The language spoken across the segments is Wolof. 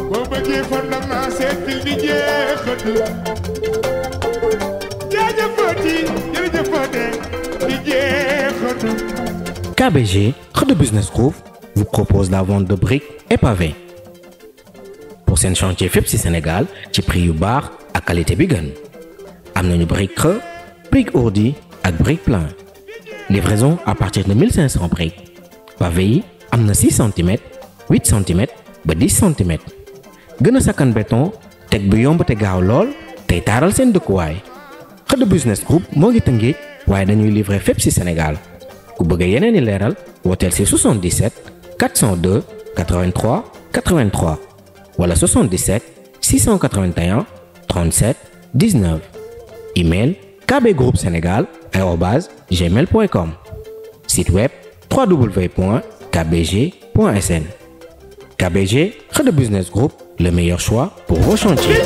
boo bëggee fan nag naa seetil di jeexat jaajëfati jërëjëfate di jeexat KBG Kheude Business Group vous propose la vente de briques et pavés pour seen chantier fépp ci Sénégal ci prix yu baax ak qualité bi gën am nañu briques creux briques ordi ak briques plein livraison à partir de 1500 briques pavé yi am na 6 centimètres 8 centimètres ba 10 centimètres gën a sakkan béton teg bu yomb te gaaw lool tey taaral seen dëkkuwaay xëdd business group moo ngi tëngéej waaye dañuy livre fépp ci Sénégal ku bëgg yeneen i leeral wooteel ci 77 402 83 83 wala 77 681 37 19 email kbgroupesenegal@gmail.com site web www.kbg.sn kbg xëdd business group. le meilleur choix pour vos chantiers.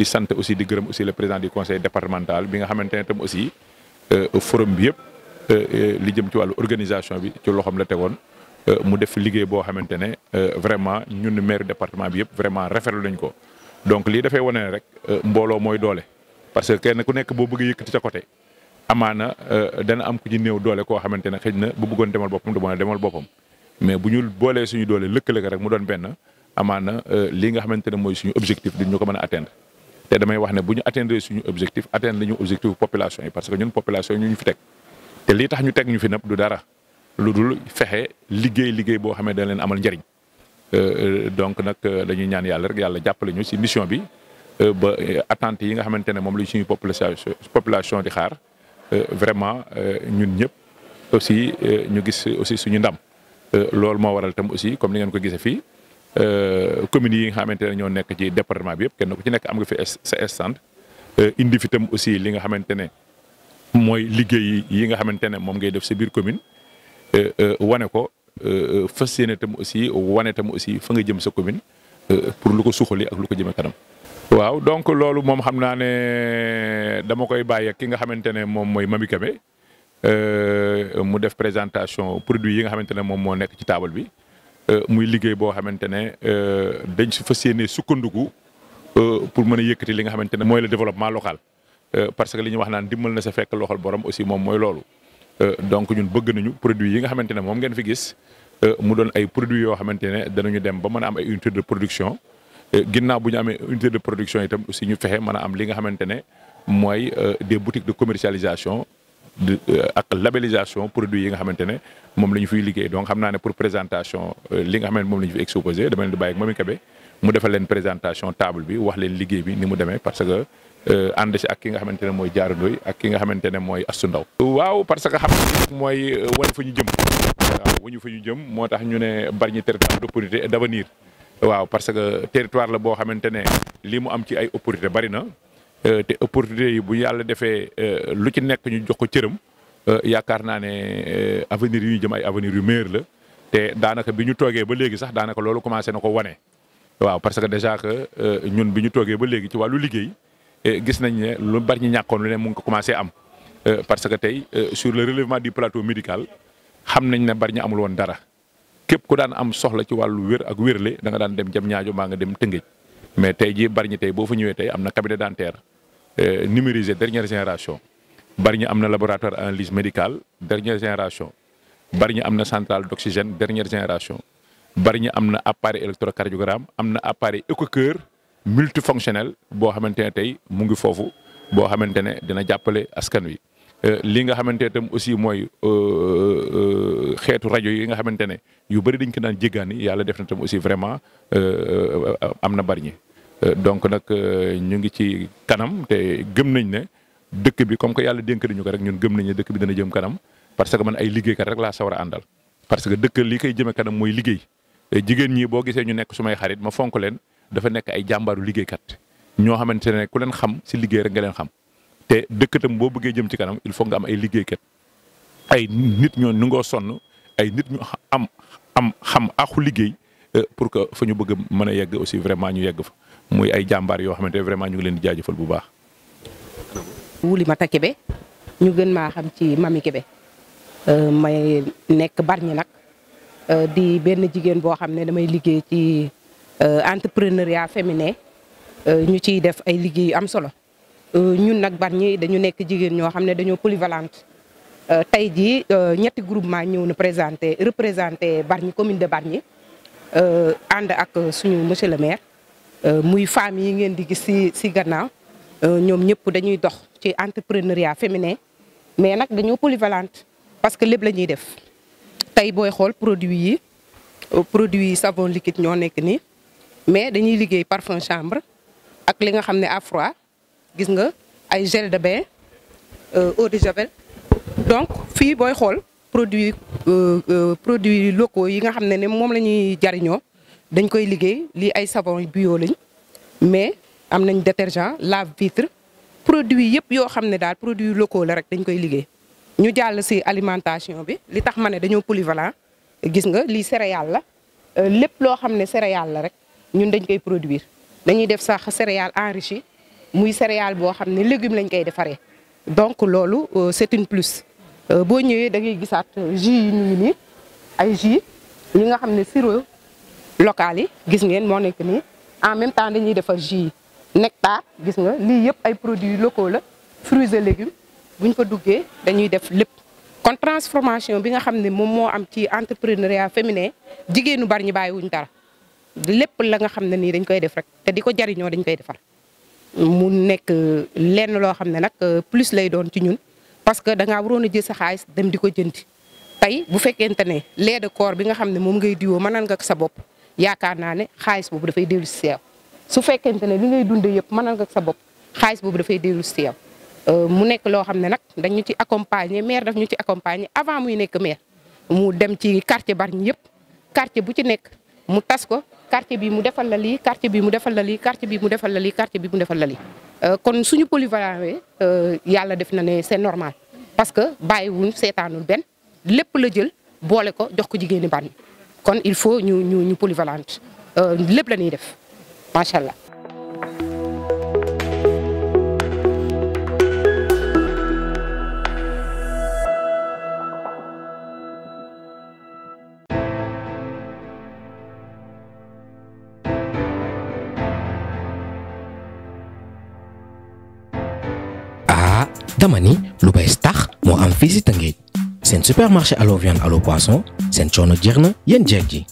di sant aussi di gërëm aussi le président du conseil départemental bi nga xamante ne tam aussi euh, forum bi yëpp euh, euh, li jëm ci wàllu organisation bi ci loxoom la tegoon. Euh, mu def liggéey boo xamante ne euh, vraiment ñun maire département bi yëpp vraiment rafetlu nañ ko donc lii dafay wane ne rek euh, mbooloo mooy doole parce que kenn ku nekk boo bëgg yëkkati sa côté amaana dana am ku ci néew doole koo xamante ne xëj na bu bëggoon demal boppam du mën a demal boppam mais bu ñu boolee suñu doole lëkkale rek mu doon benn amaana lii nga xamante ne mooy suñu objectif di ñu ko mën a atteindre te damay wax ne bu ñu atteindre suñu objectif atteindre nañu objectif population yi parce que ñun population ñu fi teg te tax ñu teg ñu fi nag du dara lu dul fexe liggéey liggéey boo xamee dana leen amal njëriñ euh, euh, donc nag euh, dañuy ñaan yàlla rek yàlla jàppale ñu si mission bi ba attentes yi nga xamante ne moom la suñu population population di xaar vraiment ñun ñëpp aussi ñu gis aussi suñu ndam loolu moo waral tam aussi comme ni ngeen ko gisee fii communes yi nga xamante ne ñoo nekk ci département bi yëpp kenn ku ci nekk am nga fi indi fi tam aussi li nga xamante ne mooy liggéey yi nga xamante ne moom ngay def sa biir commune Euh, euh, wane ko euh, fas yéene tam aussi wane tam aussi fa nga jëm sa commune pour lu ko suuxali ak lu ko jëme kanam. waaw donc loolu moom xam naa ne dama koy bàyyi ak ki nga xamante ne moom mooy Mamy Kébé mu def présentation produit yi nga xamante ne moom moo nekk ci taabal bi muy liggéey boo xamante ne dañ si fas yéene sukkandiku pour mën a yëkkati li nga xamante ne mooy le développement local parce que li ñu wax naan na sa fekk loxol borom aussi moom mooy loolu. Euh, donc ñun bëgg nañu produits yi nga xamante ne moom ngeen fi gis euh, mu doon ay produits yoo xamante ne danañu dem ba mën a am ay unité de production euh, ginnaaw bu ñu amee unité de production itam aussi ñu fexe mën a am li nga xamante ne mooy des boutiques de commercialisation Euh, ak labellisation produit yi nga xamante ne moom la ñu fiy liggéey donc xam naa ne pour présentation euh, li nga xam ne moom la ñu fi exposé dama leen di bàyyi ak Mamy mu defal leen présentation table bi wax leen liggéey bi ni mu demee parce que euh, ànd si ak ki nga xamante ne mooy Diarra ak ki nga xamante ne mooy Astou Ndaw waaw parce que xam nga mooy wane fu ñu jëm waaw wu ñu fu ñu jëm moo tax ñu ne bari Bargny territoire d'opportunité et d'avenir waaw parce que territoire la boo xamante ne li mu am ci ay opportunité bari na Euh, te opportunité yi bu yàlla defee euh, lu ci nekk ñu jox ko cëram euh, yaakaar naa ne avenir yu ñu jëm ay avenir yu meilleur la te daanaka bi ñu toogee ba léegi sax daanaka loolu commencé na ko wane. waaw parce que déjà que ñun bi ñu toogee ba léegi ci wàllu liggéey gis nañ ne lu bari ñu ñàkkoon lu ne mu ngi ko commencé am parce que tey sur le relèvement du plateau médical xam nañ ne bari ñu amul woon dara képp ku daan am soxla ci wàllu wér ak wérle le nga daan dem jam ñaajo maa nga dem tëngëj mais tey jii bari ñu tey boo fa ñëwee tey am na cabinet dentaire Euh, numérisé dernière génération Bargny am na laboratoire analyse médicale dernière génération Bargny am na centrale d'oxygène dernière génération Bargny am na appareil électrocardiogramme am na appareil écho-cœur multifonctionnel boo xamante ne tey mu ngi foofu boo xamante ne dina jàppale askan wi. Euh, li nga xamante itam aussi mooy euh, xeetu rajo yi nga xamante ne yu bëri dañ ko daan jéggaani yàlla def na aussi vraiment am na Bargny Euh, donc nag euh, ñu ngi ci kanam te gëm nañ ne dëkk bi comme que yàlla dénk nañu ko rek ñun gëm nañ ne dëkk bi dana jëm kanam parce que man ay liggéeykat rek laa sawar a àndal. parce que dëkk li koy jëmee kanam mooy liggéey euh, jigéen ñi boo gisee ñu nekk sumay xarit ma fonk leen dafa nekk ay jàmbaaru liggéeykat ñoo xamante ne ku leen xam si liggéey rek nga leen xam te dëkk itam boo bëggee jëm ci kanam il faut nga am ay liggéeykat ay nit ñoo nu sonn ay nit ñu am am xam axu liggéey pour que fa bëgg mën a yegg aussi vraiment ñu yegg fa. mooy ay jàmbaar yoo xamante vraiment ñu ngi leen di jaajëfal bu baax. Wuli ñu gën maa xam ci Mami Kébé euh, may nekk Bargny nag euh, di benn jigéen boo xam ne damay liggéey ci euh, entrepreneuriat féminin ñu ciy def ay liggéey am solo ñun nag Bargny dañu nekk jigéen ñoo xam ne dañoo polyvalente tey jii ñetti groupement ñëw na présenté représenté Bargny commune de Bargny ànd ak suñu monsieur le maire. Euh, muy femmes yi ngeen di gis si si gannaaw euh, ñoom ñëpp dañuy dox ci entrepreneuriat féminin mais nag dañoo polyvalente parce que lépp la ñuy def tey booy xool produit yi euh, produit yi savon liquide ñoo nekk nii mais dañuy liggéey parfum chambre ak li nga xam ne à froid gis nga ay gel de bain eau de javel donc fii booy xool produit produit locaux yi nga xam ne ne moom la ñuy jariñoo dañ koy liggéey lii ay savon bio lañ mais am nañ détergent lave vitre produit yëpp yoo xam ne daal produit locaux la rek dañ koy liggéey ñu jàll ci alimentation bi li tax ma ne dañoo polyvalent gis nga lii céréale la euh, lépp loo xam ne céréale la rek ñun dañ koy produire dañuy def sax céréale enrichie muy céréale boo xam ne légume lañ koy defaree donc loolu euh, c'est une plus euh, boo ñëwee da ngay gisaat jus yi ñu ngi nii ay jus li nga xam ne sirop local yi gis ngeen moo nekk nii en même temps dañuy defar jus yi nectar gis nga lii yëpp ay produits locaux la fruits et légumes bu ñu fa duggee dañuy def lépp kon transformation bi nga xam ne moom moo am ci entrepreneuriat féminin jigéenu bari ñu bàyyiwuñ dara lépp la nga xam ne nii dañ koy def rek te di ko jariñoo dañ koy defar mu nekk euh, lenn loo xam ne nag euh, plus lay doon ci ñun parce que da ngaa waroon a jël sa xaalis dem di ko jëndi tey bu fekkente ne lait de corps bi nga xam ne moom ngay diwoo mënal nga sa bopp yaakaar naa ne xaalis boobu dafay dellu si yow su fekkente ne li ngay dundee yëpp mënal nga sa bopp xaalis boobu dafay dellu si yow euh, mu nekk loo xam ne nag dañu ci accompagner maire daf ñu ci accompagner avant muy nekk maire mu dem ci quartier Bargny yëpp quartier bu ci nekk mu tas ko quartier bi mu defal la lii quartier bi mu defal la lii quartier bi mu defal la lii quartier bi mu defal la lii euh, kon suñu polyvalent euh, yàlla def na ne c'est normal parce que bàyyiwuñ seetaanul benn lépp la jël boole ko jox ko jigéeni Bargny kon il faut ñu ñu ñu polyvalente euh, lépp la ñuy def macha allah. Ah, dama ni lu bees tax moo am fii si Tëngéej seen supermarché Allo viande Allo poisson seen coono jeex na yéen jeeg ji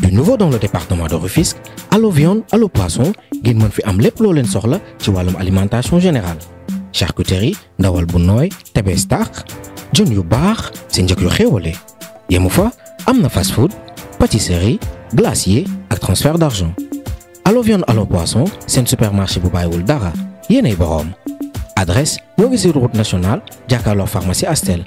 du nouveau dans le département de Rufisque Allo viande Allo poisson ngeen mën fi am lépp loo leen soxla ci wàllum alimentation générale charcuterie ndawal bu nooy tebes taax jën yu baax seen njëg yu xéewale yemu fa am na fast food pâtisserie glacier ak transfert d'argent Allo viande Allo poisson seen supermarché bu bàyyiwul dara yéenay boroom adresse moo ngi si route nationale jàkkaarloo pharmacie Astel